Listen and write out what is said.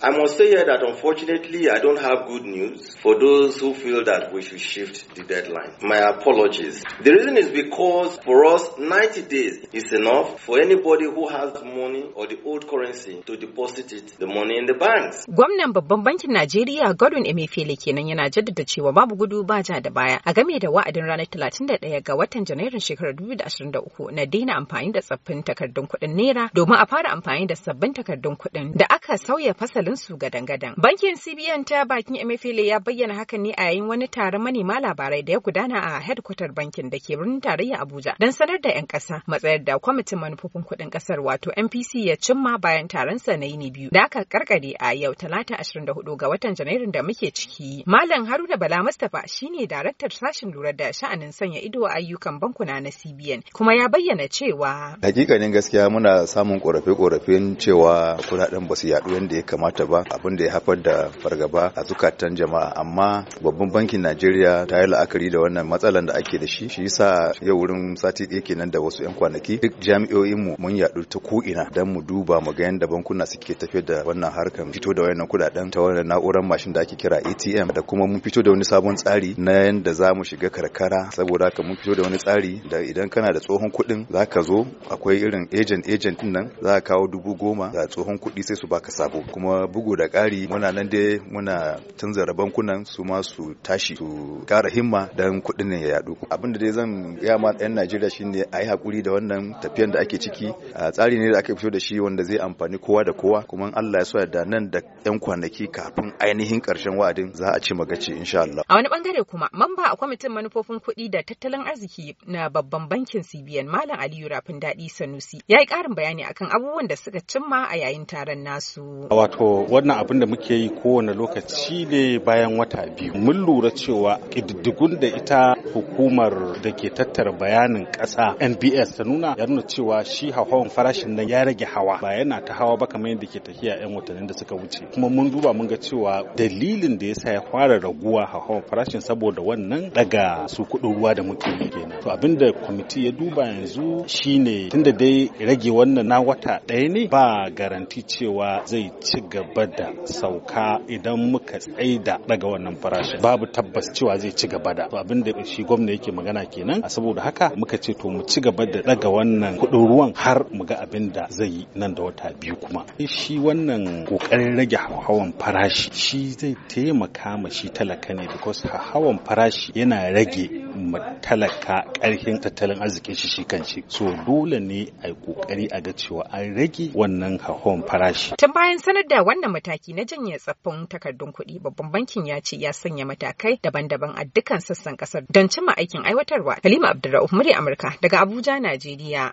I must say here that unfortunately I don't have good news for those who feel that we should shift the deadline. My apologies. The reason is because for us 90 days is enough for anybody who has money or the old currency to deposit it the money in the banks. Gwamnan babban bankin Najeriya Godwin Emefiele kenan yana jaddada cewa babu gudu ba ja da baya a game da wa'adin ranar 31 ga watan Janairun shekarar 2023 na daina amfani da tsaffin takardun kuɗin naira domin a fara amfani da sabbin takardun kuɗin da aka sauya fasalin su gadan-gadan. Bankin CBN ta bakin Emefiele ya bayyana hakan ne a yayin wani taron manema labarai da ya gudana a headquarter bankin da ke birnin tarayya Abuja don sanar da 'yan ƙasa matsayar da kwamitin manufofin kuɗin ƙasar wato MPC ya cimma bayan taron sa na yini biyu da aka karkare a yau talata 24 ga watan Janairun da muke ciki. Malam Haruna Bala Mustapha shine daraktar sashen lura da sha'anin sanya ido a ayyukan bankuna na CBN kuma ya bayyana cewa hakikanin gaskiya muna samun korafe-korafen cewa kudaden ba su yadu yadda ya kamata ta ba abin da ya haifar da fargaba a zukatan jama'a amma babban bankin Najeriya ta yi la'akari da wannan matsalan da ake da shi shi yasa yau wurin sati ɗaya kenan da wasu 'yan kwanaki duk jami'o'in mu mun yaɗu ta ko'ina don mu duba mu ga yadda bankuna suke tafiyar da wannan harkar fito da wannan kuɗaɗen ta wannan na'urar mashin da ake kira ATM da kuma mun fito da wani sabon tsari na yadda za mu shiga karkara saboda haka mun fito da wani tsari da idan kana da tsohon kuɗin za ka zo akwai irin agent agent nan za ka kawo dubu goma ga tsohon kuɗi sai su baka sabo kuma bugu da ƙari muna nan dai muna canza rabon bankunan su ma su tashi su ƙara himma dan kuɗin ya yaɗu. abin da dai zan gaya ma ɗan Najeriya shine a yi hakuri da wannan tafiyar da ake ciki a tsari ne da aka fito da shi wanda zai amfani kowa da kowa kuma Allah ya so da nan da yan kwanaki kafin ainihin ƙarshen wa'adin za a ci magace insha Allah a wani bangare kuma mamba a kwamitin manufofin kuɗi da tattalin arziki na babban bankin CBN Malam Aliyu Rafin Daɗi Sanusi ya yi ƙarin bayani akan abubuwan da suka cimma a yayin taron nasu wato wannan abin da muke yi kowane lokaci ne bayan wata biyu mun lura cewa ƙididdigun da ita hukumar da ke tattara bayanin ƙasa nbs ta nuna ya nuna cewa shi hauhawar farashin nan ya rage hawa ba yana ta hawa ba kamar yadda ke tafiya 'yan watannin da suka wuce kuma mun duba mun ga cewa dalilin da ya sa ya fara raguwa hauhawar farashin saboda wannan daga su kuɗin ruwa da muke yi kenan to da kwamiti ya duba yanzu shine tunda dai rage wannan na wata ɗaya ne ba garanti cewa zai ci gaba gaba da sauka idan muka tsaida daga wannan farashin babu tabbas cewa zai ci gaba da abin da shi gwamna yake magana kenan a saboda haka muka ce to mu ci gaba da daga wannan kudin ruwan har mu ga abin da zai yi nan da wata biyu kuma eh, shi wannan kokarin rage hawan farashi shi zai taimaka ma shi talaka ne because hawan farashi yana rage talaka ƙarfin tattalin arzikin shi shi kan shi so dole ne a yi kokari a ga cewa an rage wannan hahon farashi tun bayan sanar da wannan mataki na janye tsaffin takardun kuɗi babban bankin ya ce ya sanya matakai daban-daban a dukkan sassan kasar don cimma aikin aiwatarwa halima abdulrahman murya amurka daga abuja najeriya